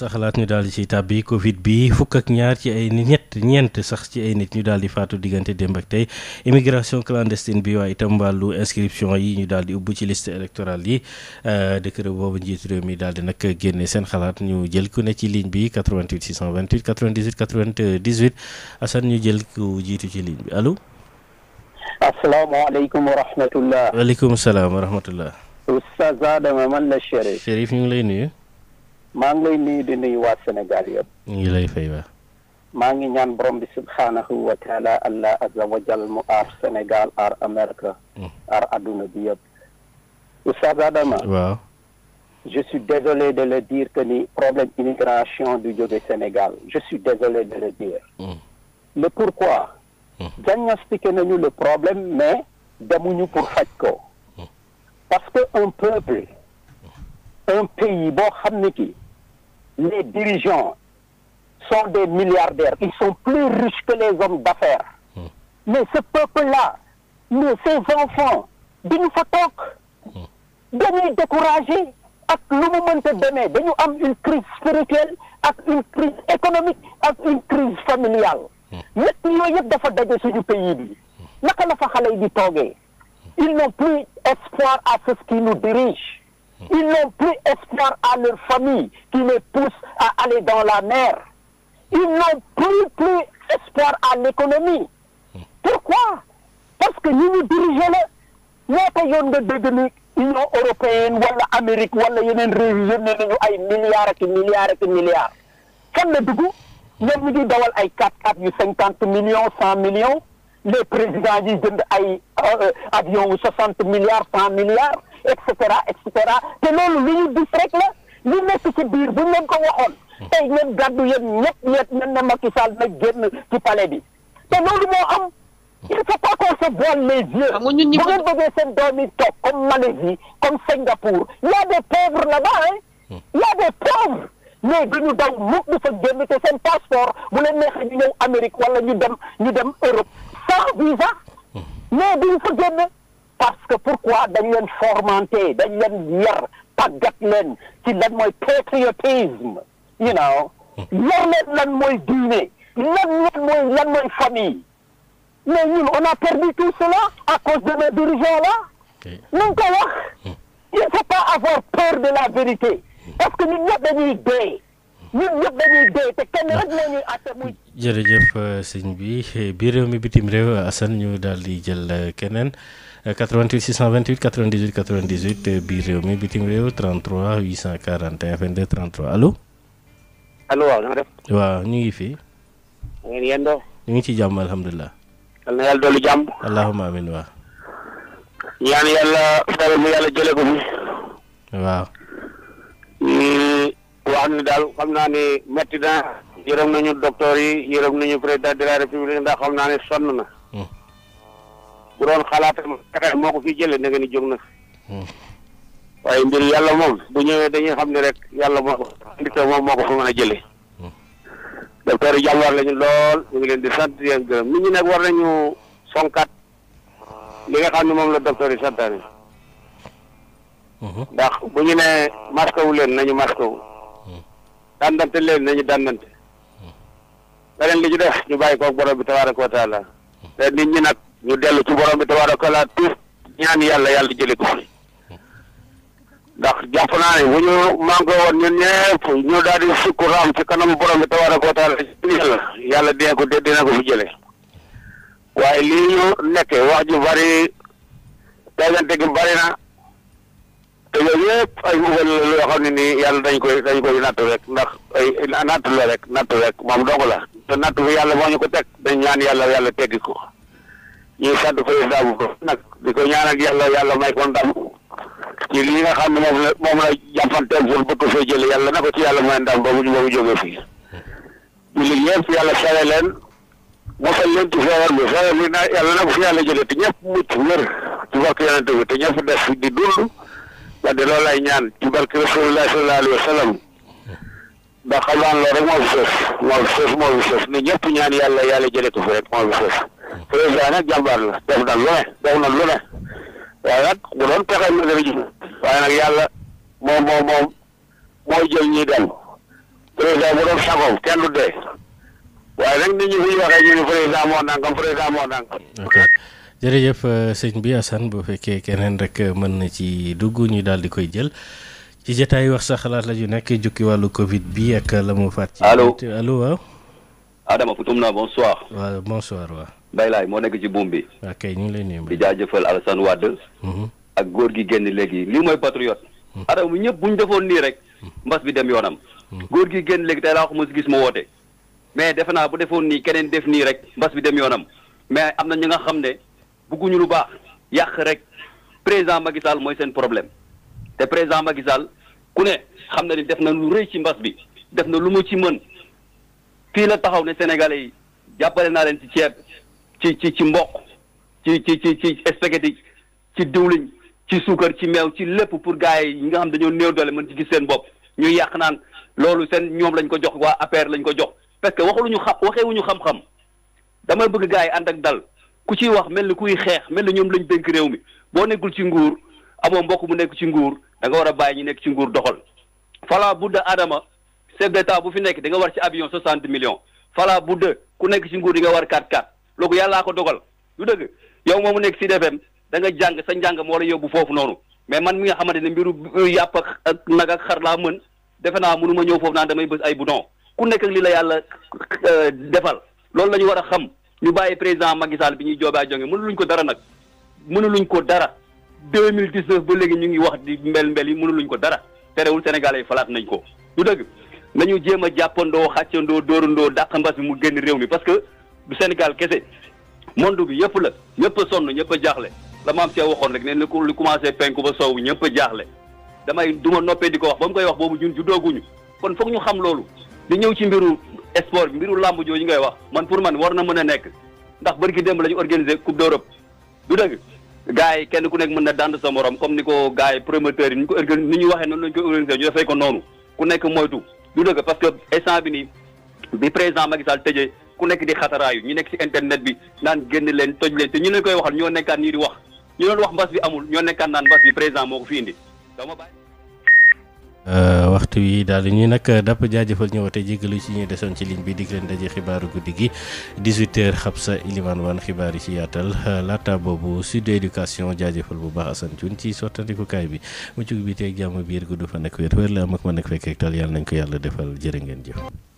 sa xalaat ñu daal di ci tàbbi Covid bi fukk ak ñaar ci ay ñett ñeent sax ci ay nit ñu daal di faatu diggante démb ak tey immigration clandestine bi waaye itam wàllu inscription yi ñu daal di ubbi ci liste électorale yi euh, décret boobu njiitu réew mi daal di nag génne seen xalaat ñu jël ku ne ci ligne bi 88 628 98 98 Assane ñu jël ku jiitu ci ligne bi allo. asalaamaaleykum wa rahmatullah. waaleykum salaam wa rahmatullah. Oustaz Adama man ñu ngi lay nuyu. maa ngi lay nuyu de nuyu waa Sénégal yëpp. ngi lay fay waa. maa ngi ñaan borom bi subhaanahu wa taala allah azza wa jal mu aar Sénégal aar Amérique. Hmm. aar adduna bi yëpp. Oustaz Adama. waaw. je suis désolé de le dire que ni problème immigration du jóge Sénégal je suis désolé de le dire. Hmm. le pourquoi. Hmm. diagnostiqué nañu le problème mais demuñu pour faj ko. parce que un peuple. un pays boo xam ne ki les dirigeants sont des milliardaires ils sont plus riches que les hommes d'affaires hmm. mais ce peuple là mais ces enfants dañu fa toog hmm. dañuy découragé ak lu mu de demee dañu am une crise spirituelle ak une crise économique ak une crise familiale hmm. ñett yooyu yëpp dafa daje suñu pays bi naka la fa xale yi di toogee ils n'ont plus espoir à ceux qui nous dirigent ils n'ont plus espoir à leur famille qui les pousse à aller dans la mer. Ils n'ont plus, plus espoir à l'économie. Pourquoi Parce que ni nous dirigeons ñaata yoon nga dégg ni Union européenne wala Amérique wala yeneen réew yi yónnee ay milliards ak milliards ak fan la dugg ñoom ñu ngi dawal ay 4 x yu cinquante millions cent millions les présidents yi ay euh, euh, avion wu soixante milliards cent milliards et cetera et cetera te loolu lu ñu la lu nekk ci biir bu ñu leen ko tey ngeen gàddu yéen ñëpp ñëpp mel na Macky Sall nag génn ci palais bi te loolu moo am il faut pas qu'on se voile les yeux bu ngeen bëggee seen doom yi toog comme Malaisie comme Singapour y a des pauvres là-bas hein hmm. y a des pauvres mais duñu daw mukk du fa génn te seen passeport bu leen neexee ñu ñëw Amérique wala ñu dem ñu dem Europe sans visa hmm. mais duñu fa génn parce que pourquoi dañ leen formanté dañ leen yar tàggat leen ci lan patriotisme you know yar leen lan mooy diine lan lan famille mais on a perdu tout cela à cause de nos dirigeants là nañ ko il faut pas avoir peur de la vérité parce que ñun ñëpp dañuy dee ñun ñëpp dañuy dee te kenn rek moo ñuy àtte muy. jërëjëf euh, sëñ bi biir réew mi bitim réew Assane ñu daal di jël euh, keneen 88 628 98 98 biir réew mi bitim réew 33 841 22 33 allo. allo waaw na nga waaw ñu ngi fi. ngeen ñu ngi ci jàmm alhamdulilah. yal na yàlla dolli jàmm. allahumma amiin waaw. ñaan yàlla feebar bi waaw. xam ne daal xam naa ne métti na yërëm nañu docteur yi yërëm nañu président de la république ndax xam naa ne sonn na. Hmm. bu doon xalaatam pexe moo jëlee na nga ni na. waaye mbir yàlla moom bu ñëwee dañuy xam ne rek yàlla moo ko indi moom moo ko fa mën a jëlee. Hmm. docteur yi jàmbaar lañu lool ñu ngi leen di sant di leen gërëm nit ñi nag war nañu sonkat li nga xam ni moom la docteur yi santaane. Hmm. ndax bu ñu ne masque wu leen nañu masque wu. dandante leen nañu dandante leneen li ci def ñu bàyyi koog borom bi tabaaraka ko taala te nit ñi nag ñu dellu ci borom bi tabaaraka wa taala tuub ñaan yàlla yàlla jële ko ndax jàpp naa ne bu ñu manqué woon ñun ñëpp ñu daal sukku raam ci kanamu borom bi tabaaraka wa taala yàlla yàlla dina ko dina ko bu jële waaye lii ñu nekke wax ju bari tegante gi bari na te a yëpp ay mbugal la yoo xam ne nii yàlla dañ koy dañ koy natt rek ndax ay natt la rek natt rek moom dong la te natt bi yàlla moo ko teg dañ ñaan yàlla yàlla teggi ko ñuy sant président bu baax nag di ko ñaan ak yàlla yàlla may li nga xam ne moom la moom la jàppanteel pour bëgg fee jële yàlla na yàlla may ndam ba mu ba mu jógee fii jullit yëpp yàlla sawe leen mosal leen yàlla na ko fi yàlla jëlee te ñëpp mucc wér te ñëpp des di dund man de loolu lay ñaan ci barke rasulullah sallallahu alayhi wa sallam ba xalaan loolu rek moo fi sës moo fi sës moo fi ñaan yàlla yàlla jëlee ko fi rek moo fi sës président nag jàmbaar la def na lu ne def na lu ne waaye nag bu doon pexe na dana ji waaye nag yàlla moom moo moom mooy jël ñiy dem président bu doon sagoom kenn du dee waaye nag nit ñi waxee ñu ne président moo nangam président moo nangam. ok jërëjëf euh, sëñ bi Assane bu fekkee keneen rek euh, mën na ci dugg ñu daal di koy jël ci jotaay wax sa xalaat la ju nekk jukki wàllu Covid bi ak la mu faat. ci allo allo waaw. Adama Foutoum na bonsoir. waaw bonsoir waaw. Mbaye Laye moo nekk ci buum bi. ok ñu ngi lay nuyu. di jëfal Alassane Wade. Mhm. ak góor gi génn léegi li mooy patriote. Mhm. Adama ñëpp bu ñu defoon nii rek. Mhm. mbas bi dem yoonam. góor gi génn léegi tey laa wax mu gis mais defe naa bu defoon nii keneen def nii rek mbas bi dem yoonam mais am na ñi nga xam ne bugguñu lu baax yàq rek président Macky Sall mooy seen problème te président Macky Sall ku ne xam na ni def na lu rëy ci mbas bi def na lu mu ci mën fii la taxaw ne sénégal yi jàppale naa leen ci ceeb ci ci ci mboq ci ci ci ci spaghetti ci diwliñ ci suukar ci meew ci lépp pour gars yi nga xam dañoo néew doole mën ci gis seen bopp ñuy yàq naan loolu seen ñoom lañ ko jox waa APR lañ ko jox parce que ñu xam waxeewuñu xam-xam dama bëgg gars yi ànd ak dal ku ci wax mel ni kuy xeex mel ni ñoom lañu dénk réew mi boo nekkul ci nguur amoo mbokk mu nekk ci nguur danga war a bàyyi ñu nekk ci nguur doxal. fala budda Adama chef d'état bu fi nekk danga war ci avion 60 millions fala budda ku nekk ci nguur di nga war 4-4 loolu yàllaa ko dogal lu dëgg yow moomu nekk ci DFM da nga jàng sa njàng moo la yóbbu foofu noonu mais man mi nga xamante ne mbiru yàpp ak nag xar laa mën defe naa mënu ma ñëw foofu naan damay bës ay bouton. ku nekk lii li la yàlla euh, defal loolu la ñu war a xam ñu bàyyi président Macky Sall bi ñuy joobaa jonge mënuluñ ko dara nag mënuluñ ko dara deux mille dix neuf ba léegi ñu ngi wax di mbel mbel yi mënuluñ ko dara terewul sénégalais yi falaat nañ ko ñu dëgg nañu jéem a jàppandoo xàccandoo dóorandoo dàq mbas mi mu génn réew mi parce que du Sénégal kese monde bi yëpp la ñëpp a sonn ñëpp a jaaxle la maam see waxoon rek ne lu ko lu commencé penk ba soowu ñëpp a jaaxle damay du ma noppee di ko wax ba koy wax boobu ñun ju dooguñu kon foog ñu xam loolu di ñëw ci mbiru sport bi mbiru làmb ñu ngay wax man pour man war na mën a nekk ndax bërki démb la lañu organiser coupe d'Europe du dëgg gars yi kenn ku nekk mën na dand sa morom comme ni ko gars yi promoteurs yi ni ñu ko waxee noonu lañu ko organiser ñu defee ko noonu ku nekk moytu du dëgg parce que instant bi nii bi président Macky Sall tëjee ku nekk di xataraayu ñu nekk ci internet bi naan génn leen toj leen te ñu leen koy waxal ñoo nekkaat nii di wax ñu doon wax mbas bi amul ñoo nekkaat naan mbas bi président moo ko fi indi Euh, waxtu wi daal di ñuy nag euh, dàpp jaajëfal ñëwate jégalu ci ñuy desoon ci ligne bi dig leen xibaaru guddi gi 18h xam sa ilimaan waan xibaar yi ci yaatal euh, laata boobu sud éducation jaajëfal bu baax Assane Thioune ci sottandikukaay bi mucc bi teeg jàmm biir gudd fan ak wér wér la am ak mën ak fekk tal yàlla nañ ko yàlla defal jërë ngeen jëf.